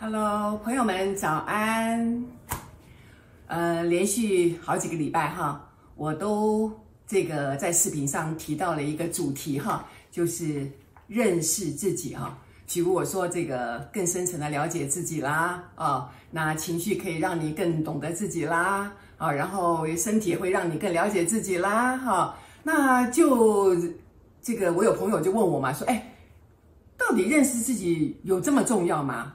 Hello，朋友們，早安！呃，連續好幾個禮拜哈、啊，我都這個在視頻上提到了一個主題哈、啊，就是認識自己哈、啊。比如我說這個更深層的了解自己啦，啊，那情緒可以讓你更懂得自己啦。啊，然後身體也會讓你更了解自己啦，哈，那就這個我有朋友就問我嘛，說哎，到底認識自己有這麼重要嗎？啊、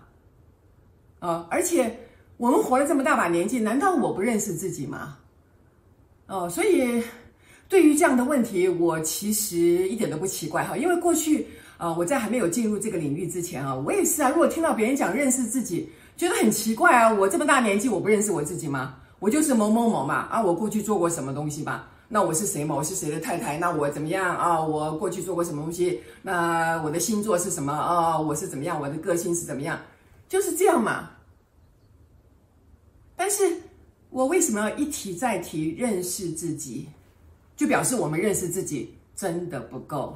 哦，而且我們活了這麼大把年紀，難道我不認識自己嗎？哦，所以對於這樣的問題，我其實一點都不奇怪哈，因為過去啊、哦，我在還沒有進入這個領域之前啊，我也是啊，如果聽到別人講認識自己，覺得很奇怪啊，我這麼大年紀，我不認識我自己嗎？我就是某某某嘛，啊，我過去做過什麼東西吧，那我是誰嘛，我是誰的太太？那我怎麼樣啊、哦？我過去做過什麼東西？那我的星座是什麼啊、哦？我是怎麼樣？我的個性是怎麼樣？就是這樣嘛。但是我為什麼要一提再提認識自己，就表示我們認識自己真的不夠。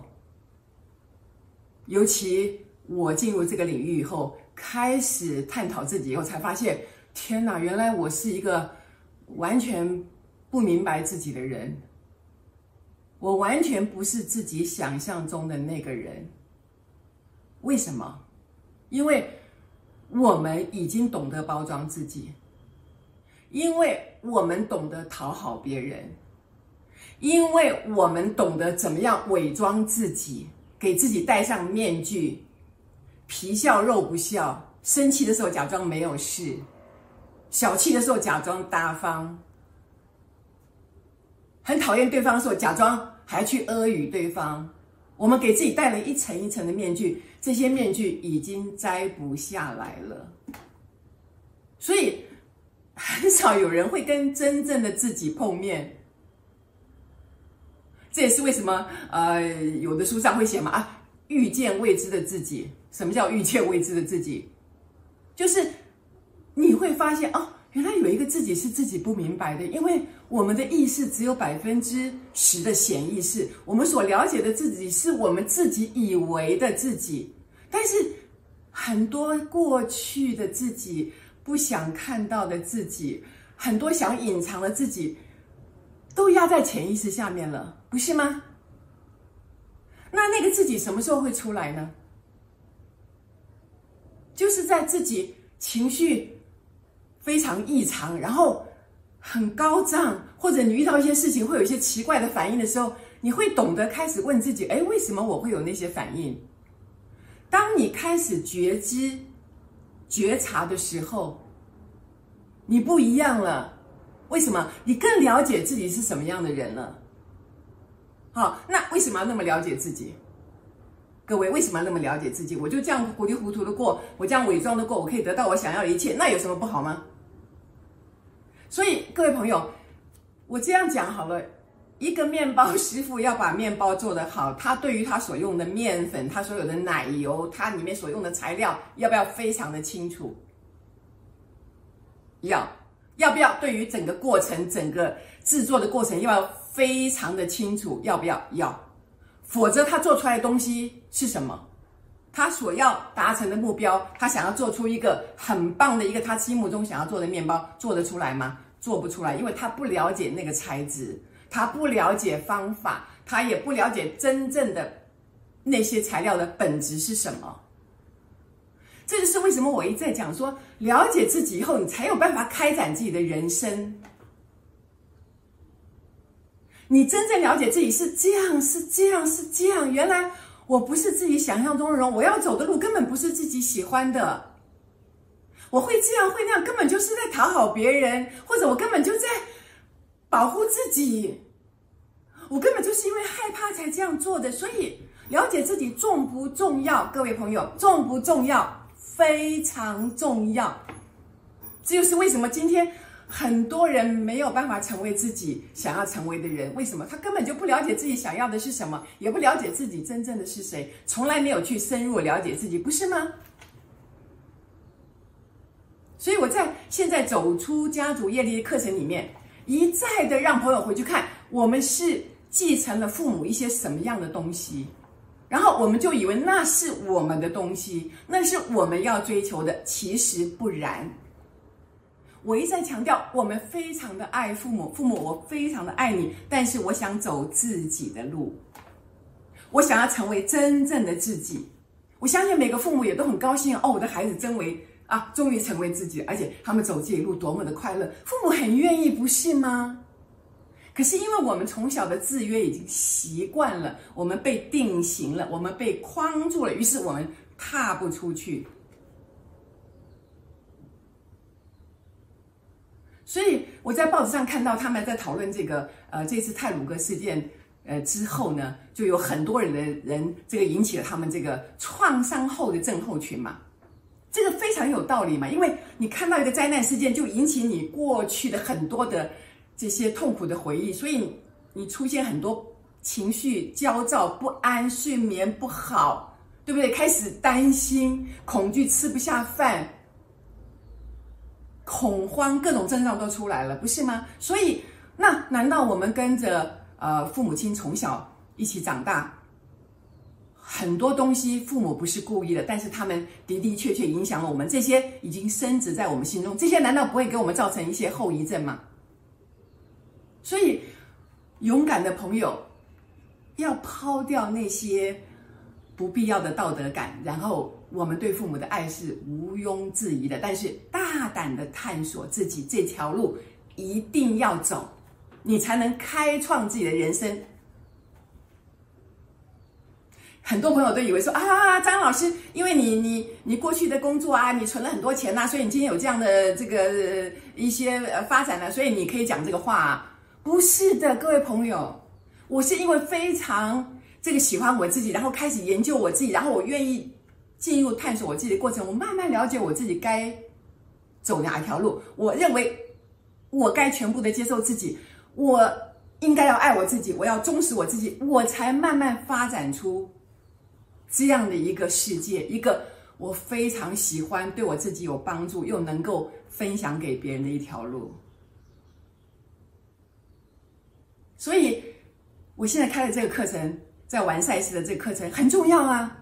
尤其我進入這個領域以後，開始探討自己以後，才發現，天哪，原來我是一個。完全不明白自己的人，我完全不是自己想象中的那個人。為什麼？因為我們已經懂得包裝自己，因為我們懂得討好別人，因為我們懂得怎麼樣偽裝自己，給自己戴上面具，皮笑肉不笑，生氣的時候假裝沒有事。小氣的時候假裝大方，很討厭對方的時候假裝還去阿諛對方。我們給自己戴了一層一層的面具，這些面具已經摘不下來了。所以很少有人會跟真正的自己碰面。這也是為什麼呃，有的書上會寫嘛啊，遇見未知的自己。什麼叫遇見未知的自己？就是。你會發現哦，原來有一個自己是自己不明白的，因為我們的意識只有百分之十的潛意識，我們所了解的自己是我們自己以為的自己，但是很多過去的自己不想看到的自己，很多想隱藏的自己，都壓在潛意識下面了，不是嗎？那那個自己什麼時候會出來呢？就是在自己情緒。非常異常，然後很高漲，或者你遇到一些事情會有一些奇怪的反應的時候，你會懂得開始問自己：誒，為什麼我會有那些反應？當你開始覺知、覺察的時候，你不一樣了。為什麼？你更了解自己是什麼樣的人了。好，那為什麼要那麼了解自己？各位，為什麼要那麼了解自己？我就這樣糊裡糊塗的過，我這樣偽裝的過，我可以得到我想要的一切，那有什麼不好嗎？所以各位朋友，我這樣講好了，一個麵包師傅要把麵包做得好，他對於他所用的麵粉、他所有的奶油、他裡面所用的材料，要不要非常的清楚？要，要不要對於整個過程、整個製作的過程，要不要非常的清楚？要不要？要，否則他做出來的東西是什麼？他所要達成的目標，他想要做出一個很棒的一個他心目中想要做的面包，做得出來嗎？做不出來，因為他不了解那個材質，他不了解方法，他也不了解真正的那些材料的本質是什麼。這就是為什麼我一再講說，了解自己以後，你才有辦法開展自己的人生。你真正了解自己是這樣，是這樣，是這樣，原來。我不是自己想象中的人，我要走的路根本不是自己喜歡的。我會這樣會那樣，根本就是在討好別人，或者我根本就在保護自己。我根本就是因為害怕才這樣做的。所以了解自己重不重要？各位朋友，重不重要？非常重要。這就是為什麼今天。很多人沒有辦法成為自己想要成為的人，為什麼？他根本就不了解自己想要的是什麼，也不了解自己真正的是誰，從來沒有去深入了解自己，不是嗎？所以我在現在走出家族業力課程裡面，一再的讓朋友回去看，我們是繼承了父母一些什麼樣的東西，然後我們就以為那是我們的東西，那是我們要追求的，其實不然。我一再強調，我們非常的愛父母，父母，我非常的愛你，但是我想走自己的路，我想要成為真正的自己。我相信每個父母也都很高興哦，我的孩子成為啊，終於成為自己，而且他們走這一路多麼的快樂，父母很願意，不是嗎？可是因為我們從小的制約已經習慣了，我們被定型了，我們被框住了，於是我們踏不出去。所以我在報紙上看到他們在討論這個，呃，這次太魯閣事件，呃之後呢，就有很多人的人，這個引起了他們這個創傷後的症候群嘛，這個非常有道理嘛，因為你看到一個災難事件，就引起你過去的很多的這些痛苦的回憶，所以你出現很多情緒焦躁不安、睡眠不好，對不對？開始擔心、恐懼、吃不下飯。恐慌，各種症狀都出來了，不是嗎？所以，那難道我們跟着呃父母親從小一起長大，很多東西父母不是故意的，但是他們的的確確影響了我們，這些已經深植在我們心中，這些難道不會給我們造成一些後遺症嗎？所以，勇敢的朋友要拋掉那些不必要的道德感，然後。我們對父母的愛是毋庸置疑的，但是大膽的探索自己這條路一定要走，你才能開創自己的人生。很多朋友都以為說啊，張老師，因為你你你過去的工作啊，你存了很多錢吶、啊，所以你今天有這樣的這個一些發展了、啊，所以你可以講這個話啊。不是的，各位朋友，我是因為非常這個喜歡我自己，然後開始研究我自己，然後我願意。進入探索我自己的過程，我慢慢了解我自己該走哪一條路。我認為我該全部的接受自己，我應該要愛我自己，我要忠實我自己，我才慢慢發展出這樣的一個世界，一個我非常喜歡、對我自己有幫助又能夠分享給別人的一條路。所以，我現在開的這個課程，在玩賽事的這個課程很重要啊。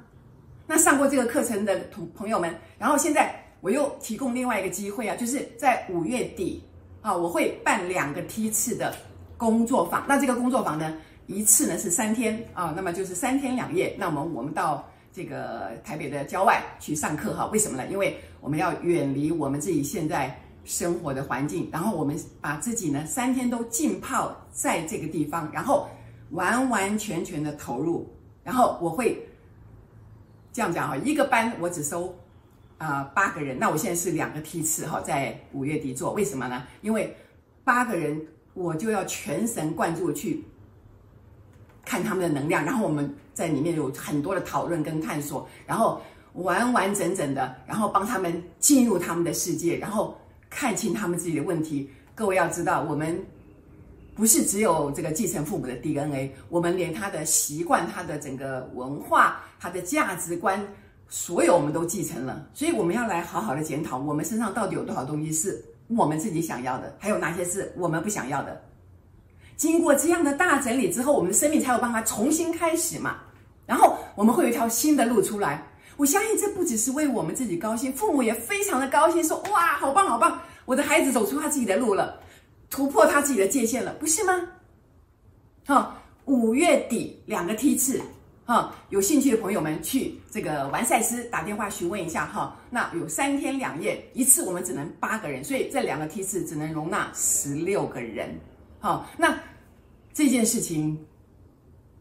那上過這個課程的同朋友們，然後現在我又提供另外一個機會啊，就是在五月底啊，我會辦兩個梯次的工作坊。那這個工作坊呢，一次呢是三天啊，那麼就是三天兩夜。那我們我們到這個台北的郊外去上課哈。啊？為什麼呢？因為我們要遠離我們自己現在生活的環境，然後我們把自己呢三天都浸泡在這個地方，然後完完全全的投入，然後我會。這樣講哈，一個班我只收啊、呃、八個人，那我現在是兩個梯次哈，在五月底做，為什麼呢？因為八個人我就要全神貫注去看他們的能量，然後我們在裡面有很多的討論跟探索，然後完完整整的，然後幫他們進入他們的世界，然後看清他們自己的問題。各位要知道，我們。不是只有這個繼承父母的 DNA，我們連他的習慣、他的整個文化、他的價值觀，所有我們都繼承了。所以我們要來好好的檢討，我們身上到底有多少東西是我們自己想要的，還有哪些是我們不想要的。經過這樣的大整理之後，我們的生命才有辦法重新開始嘛。然後我們會有一條新的路出來。我相信這不只是為我們自己高興，父母也非常的高興說，說哇，好棒好棒，我的孩子走出他自己的路了。突破他自己的界限了，不是嗎？哈、哦，五月底兩個梯次，哈、哦，有興趣的朋友們去這個完賽斯打電話詢問一下哈、哦。那有三天兩夜一次，我們只能八個人，所以這兩個梯次只能容納十六個人。哈、哦，那這件事情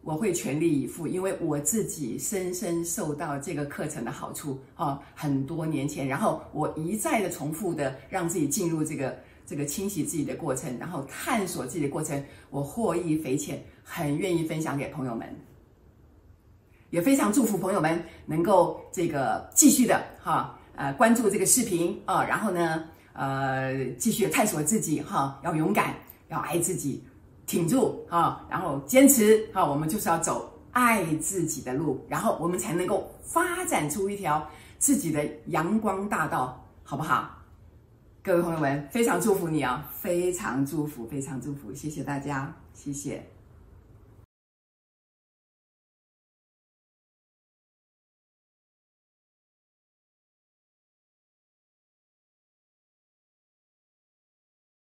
我會全力以赴，因為我自己深深受到這個課程的好處。哈、哦，很多年前，然後我一再的重複的讓自己進入這個。這個清洗自己的過程，然後探索自己的過程，我獲益匪淺，很願意分享給朋友們，也非常祝福朋友們能夠這個繼續的哈、啊、呃關注這個視頻啊，然後呢呃繼續探索自己哈、啊，要勇敢，要愛自己，挺住啊，然後堅持哈、啊，我們就是要走愛自己的路，然後我們才能夠發展出一條自己的陽光大道，好不好？各位朋友們，非常祝福你啊，非常祝福，非常祝福，謝謝大家，謝謝。